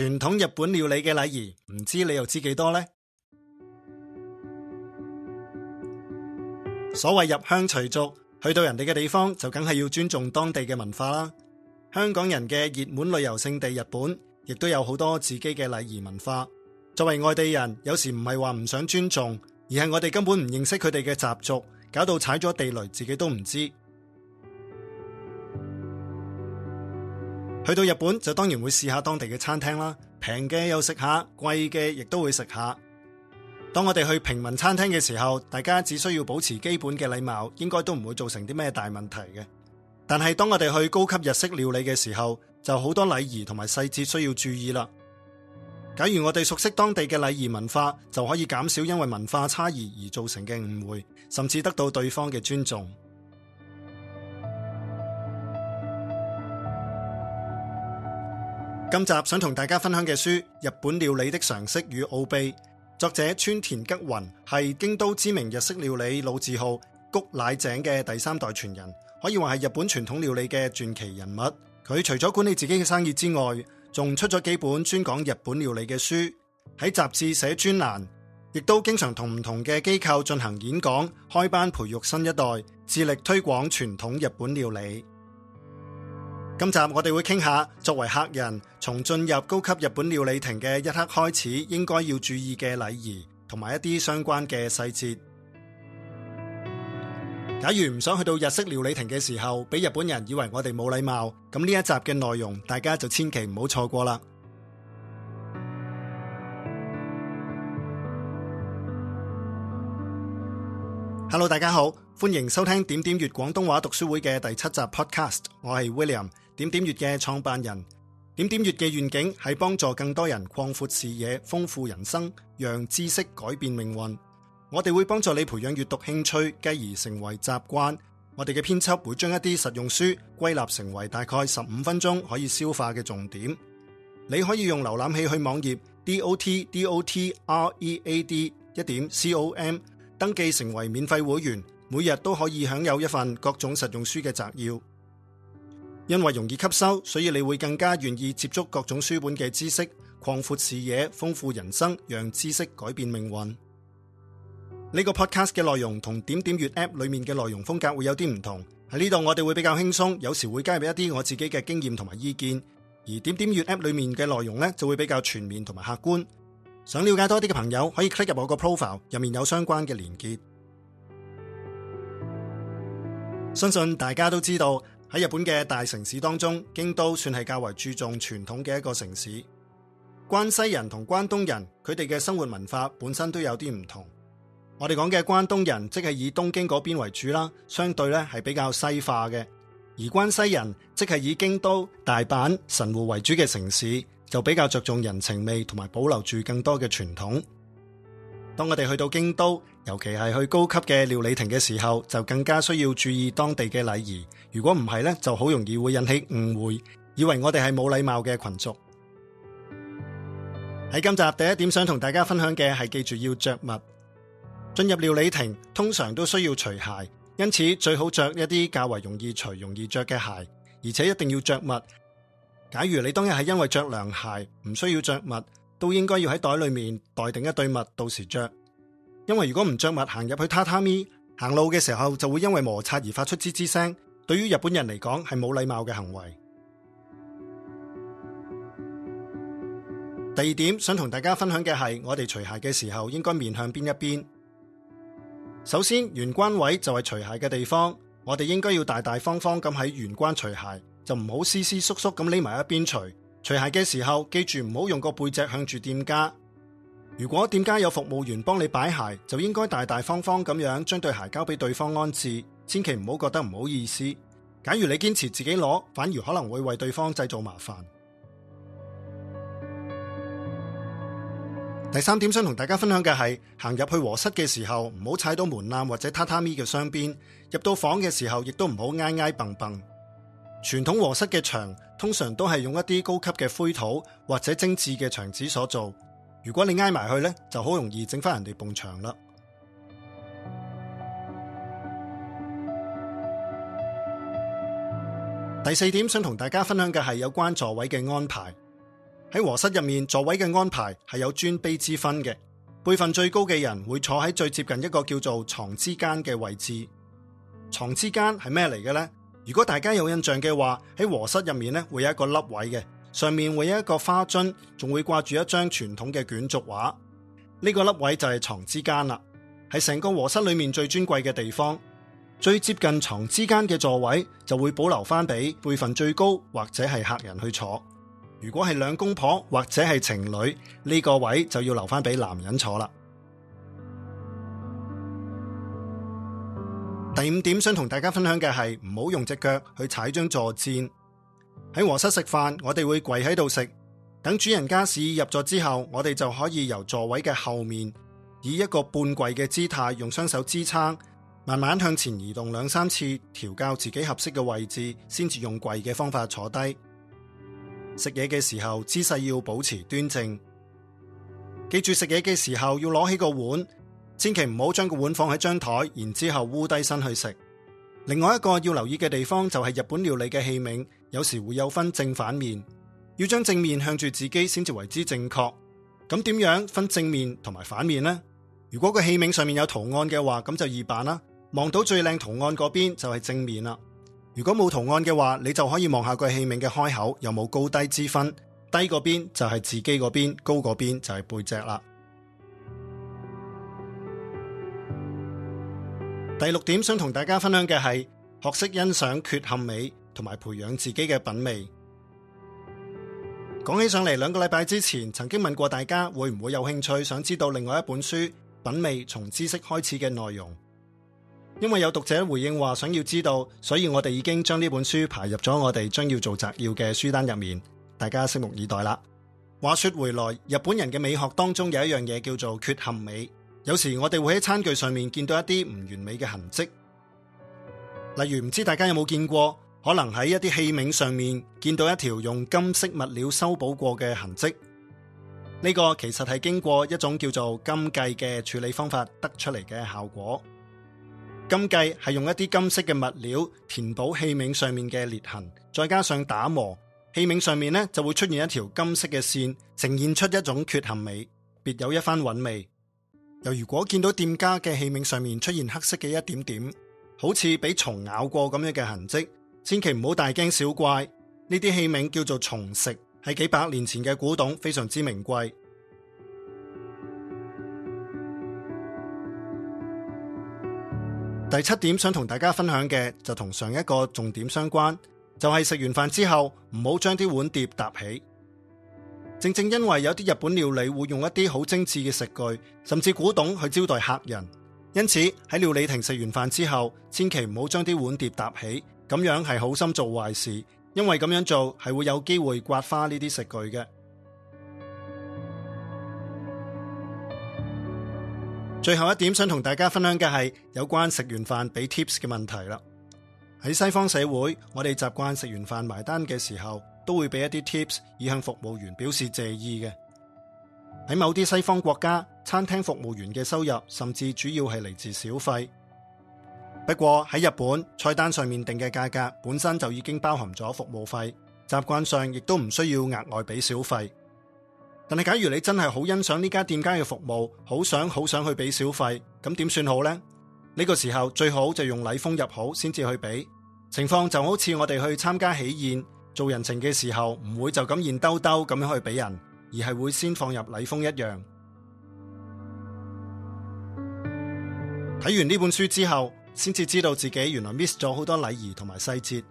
傳統日本料理嘅禮儀，唔知你又知幾多呢？所謂入鄉隨俗，去到人哋嘅地方就梗係要尊重當地嘅文化啦。香港人嘅熱門旅遊勝地日本，亦都有好多自己嘅禮儀文化。作為外地人，有時唔係話唔想尊重，而係我哋根本唔認識佢哋嘅習俗，搞到踩咗地雷自己都唔知。去到日本就當然會試下當地嘅餐廳啦，平嘅又食下，貴嘅亦都會食下。當我哋去平民餐廳嘅時候，大家只需要保持基本嘅禮貌，應該都唔會造成啲咩大問題嘅。但係當我哋去高級日式料理嘅時候，就好多禮儀同埋細節需要注意啦。假如我哋熟悉當地嘅禮儀文化，就可以減少因為文化差異而造成嘅誤會，甚至得到對方嘅尊重。今集想同大家分享嘅書《日本料理的常識與奧秘》，作者村田吉弘係京都知名日式料理老字號菊乃井嘅第三代傳人，可以話係日本傳統料理嘅傳奇人物。佢除咗管理自己嘅生意之外，仲出咗幾本專講日本料理嘅書，喺雜誌寫專欄，亦都經常同唔同嘅機構進行演講，開班培育新一代，致力推廣傳統日本料理。今集我哋會傾下作為客人，從進入高級日本料理亭嘅一刻開始，應該要注意嘅禮儀，同埋一啲相關嘅細節。假如唔想去到日式料理亭嘅時候，俾日本人以為我哋冇禮貌，咁呢一集嘅內容，大家就千祈唔好錯過啦。Hello，大家好，歡迎收聽點點粵廣東話讀書會嘅第七集 Podcast，我係 William。點點閱嘅創辦人，點點閱嘅願景係幫助更多人擴闊視野、豐富人生，讓知識改變命運。我哋會幫助你培養閱讀興趣，繼而成為習慣。我哋嘅編輯會將一啲實用書歸納成為大概十五分鐘可以消化嘅重點。你可以用瀏覽器去網頁 dot dot read 一點 com 登記成為免費會員，每日都可以享有一份各種實用書嘅摘要。因為容易吸收，所以你會更加願意接觸各種書本嘅知識，擴闊視野，豐富人生，讓知識改變命運。呢個 podcast 嘅內容同點點閱 app 裏面嘅內容風格會有啲唔同。喺呢度我哋會比較輕鬆，有時會加入一啲我自己嘅經驗同埋意見。而點點閱 app 裏面嘅內容呢，就會比較全面同埋客觀。想了解多啲嘅朋友可以 click 入我個 profile 入面有相關嘅連結。相信大家都知道。喺日本嘅大城市當中，京都算係較為注重傳統嘅一個城市。關西人同關東人，佢哋嘅生活文化本身都有啲唔同。我哋講嘅關東人，即係以東京嗰邊為主啦，相對咧係比較西化嘅；而關西人，即係以京都、大阪、神戶為主嘅城市，就比較着重人情味，同埋保留住更多嘅傳統。當我哋去到京都，尤其係去高級嘅料理亭嘅時候，就更加需要注意當地嘅禮儀。如果唔係咧，就好容易會引起誤會，以為我哋係冇禮貌嘅群族。喺今集第一點想同大家分享嘅係記住要著襪。進入料理亭通常都需要除鞋，因此最好着一啲較為容易除、容易着嘅鞋，而且一定要著襪。假如你當日係因為着涼鞋，唔需要著襪，都應該要喺袋裏面袋定一對襪，到時着，因為如果唔着襪行入去榻榻米，行路嘅時候就會因為摩擦而發出吱吱聲，對於日本人嚟講係冇禮貌嘅行為。第二點想同大家分享嘅係，我哋除鞋嘅時候應該面向邊一邊？首先，玄關位就係除鞋嘅地方，我哋應該要大大方方咁喺玄關除鞋，就唔好私私縮縮咁匿埋一邊除。除鞋嘅時候，記住唔好用個背脊向住店家。如果店家有服務員幫你擺鞋，就應該大大方方咁樣將對鞋交俾對方安置，千祈唔好覺得唔好意思。假如你堅持自己攞，反而可能會為對方製造麻煩。第三點想同大家分享嘅係，行入去和室嘅時候唔好踩到門檻或者榻榻米嘅雙邊。入到房嘅時候，亦都唔好挨挨蹦嘭。傳統和室嘅牆。通常都係用一啲高級嘅灰土或者精致嘅牆紙所做。如果你挨埋去咧，就好容易整翻人哋埲牆啦。第四點想同大家分享嘅係有關座位嘅安排。喺和室入面，座位嘅安排係有尊卑之分嘅。輩份最高嘅人會坐喺最接近一個叫做床之間嘅位置。床之間係咩嚟嘅呢？如果大家有印象嘅話，喺和室入面咧，會有一個凹位嘅，上面會有一個花樽，仲會掛住一張傳統嘅卷軸畫。呢個凹位就係床之間啦，係成個和室裏面最尊貴嘅地方。最接近床之間嘅座位就會保留翻俾輩份最高或者係客人去坐。如果係兩公婆或者係情侶，呢個位就要留翻俾男人坐啦。第五點想同大家分享嘅係，唔好用隻腳去踩張坐墊。喺和室食飯，我哋會跪喺度食。等主人家示意入座之後，我哋就可以由座位嘅後面，以一個半跪嘅姿態，用雙手支撐，慢慢向前移動兩三次，調校自己合適嘅位置，先至用跪嘅方法坐低。食嘢嘅時候，姿勢要保持端正。記住食嘢嘅時候要攞起個碗。千祈唔好將個碗放喺張台，然之後屈低身去食。另外一個要留意嘅地方就係日本料理嘅器皿，有時會有分正反面，要將正面向住自己先至為之正確。咁點樣分正面同埋反面呢？如果個器皿上面有圖案嘅話，咁就易辦啦，望到最靚圖案嗰邊就係正面啦。如果冇圖案嘅話，你就可以望下個器皿嘅開口有冇高低之分，低嗰邊就係自己嗰邊，高嗰邊就係背脊啦。第六點想同大家分享嘅係學識欣賞缺陷美同埋培養自己嘅品味。講起上嚟，兩個禮拜之前曾經問過大家會唔會有興趣，想知道另外一本書品味從知識開始嘅內容。因為有讀者回應話想要知道，所以我哋已經將呢本書排入咗我哋將要做摘要嘅書單入面，大家拭目以待啦。話說回來，日本人嘅美學當中有一樣嘢叫做缺陷美。有時我哋會喺餐具上面見到一啲唔完美嘅痕跡，例如唔知大家有冇見過，可能喺一啲器皿上面見到一條用金色物料修補過嘅痕跡。呢個其實係經過一種叫做金計嘅處理方法得出嚟嘅效果。金計係用一啲金色嘅物料填補器皿上面嘅裂痕，再加上打磨，器皿上面呢就會出現一條金色嘅線，呈現出一種缺陷美，別有一番韻味。又如果見到店家嘅器皿上面出現黑色嘅一點點，好似被蟲咬過咁樣嘅痕跡，千祈唔好大驚小怪。呢啲器皿叫做蟲食，係幾百年前嘅古董，非常之名貴。第七點想同大家分享嘅就同上一個重點相關，就係食完飯之後唔好將啲碗碟搭起。正正因為有啲日本料理會用一啲好精緻嘅食具，甚至古董去招待客人，因此喺料理亭食完飯之後，千祈唔好將啲碗碟搭起，咁樣係好心做壞事，因為咁樣做係會有機會刮花呢啲食具嘅。最後一點想同大家分享嘅係有關食完飯俾 tips 嘅問題啦。喺西方社會，我哋習慣食完飯埋單嘅時候，都會俾一啲 tips 以向服務員表示謝意嘅。喺某啲西方國家，餐廳服務員嘅收入甚至主要係嚟自小費。不過喺日本菜單上面定嘅價格本身就已經包含咗服務費，習慣上亦都唔需要額外俾小費。但係假如你真係好欣賞呢間店家嘅服務，好想好想去俾小費，咁點算好呢？呢個時候最好就用禮封入好先至去俾。情況就好似我哋去參加喜宴。做人情嘅時候，唔會就咁現兜兜咁樣去俾人，而係會先放入禮封一樣。睇完呢本書之後，先至知道自己原來 miss 咗好多禮儀同埋細節。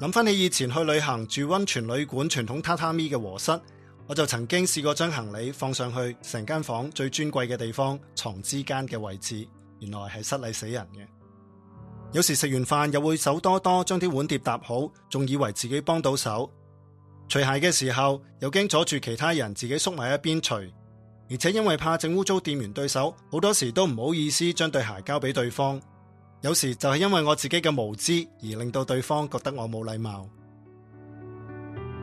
諗翻起以前去旅行住溫泉旅館傳統榻榻米嘅和室，我就曾經試過將行李放上去成間房最尊貴嘅地方，床之間嘅位置，原來係失禮死人嘅。有時食完飯又會手多多，將啲碗碟搭好，仲以為自己幫到手。除鞋嘅時候又驚阻住其他人，自己縮埋一邊除。而且因為怕整污糟店員對手，好多時都唔好意思將對鞋交俾對方。有時就係因為我自己嘅無知，而令到對方覺得我冇禮貌。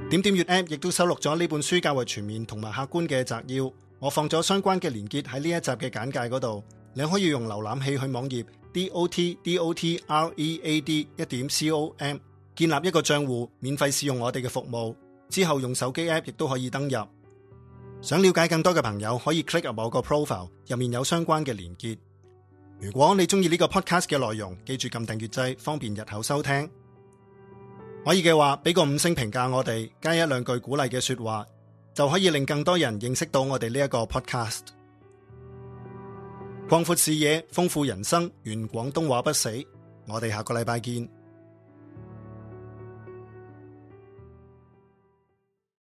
點點閱 App 亦都收錄咗呢本書較為全面同埋客觀嘅摘要，我放咗相關嘅連結喺呢一集嘅簡介嗰度，你可以用瀏覽器去網頁。dot dot read 一點 com，建立一個賬戶，免費試用我哋嘅服務，之後用手機 app 亦都可以登入。想了解更多嘅朋友，可以 click 入我個 profile，入面有相關嘅連結。如果你中意呢個 podcast 嘅內容，記住撳訂閱掣，方便日後收聽。可以嘅話，俾個五星評價我哋，加一兩句鼓勵嘅說話，就可以令更多人認識到我哋呢一個 podcast。擴闊視野，豐富人生，願廣東話不死。我哋下個禮拜見。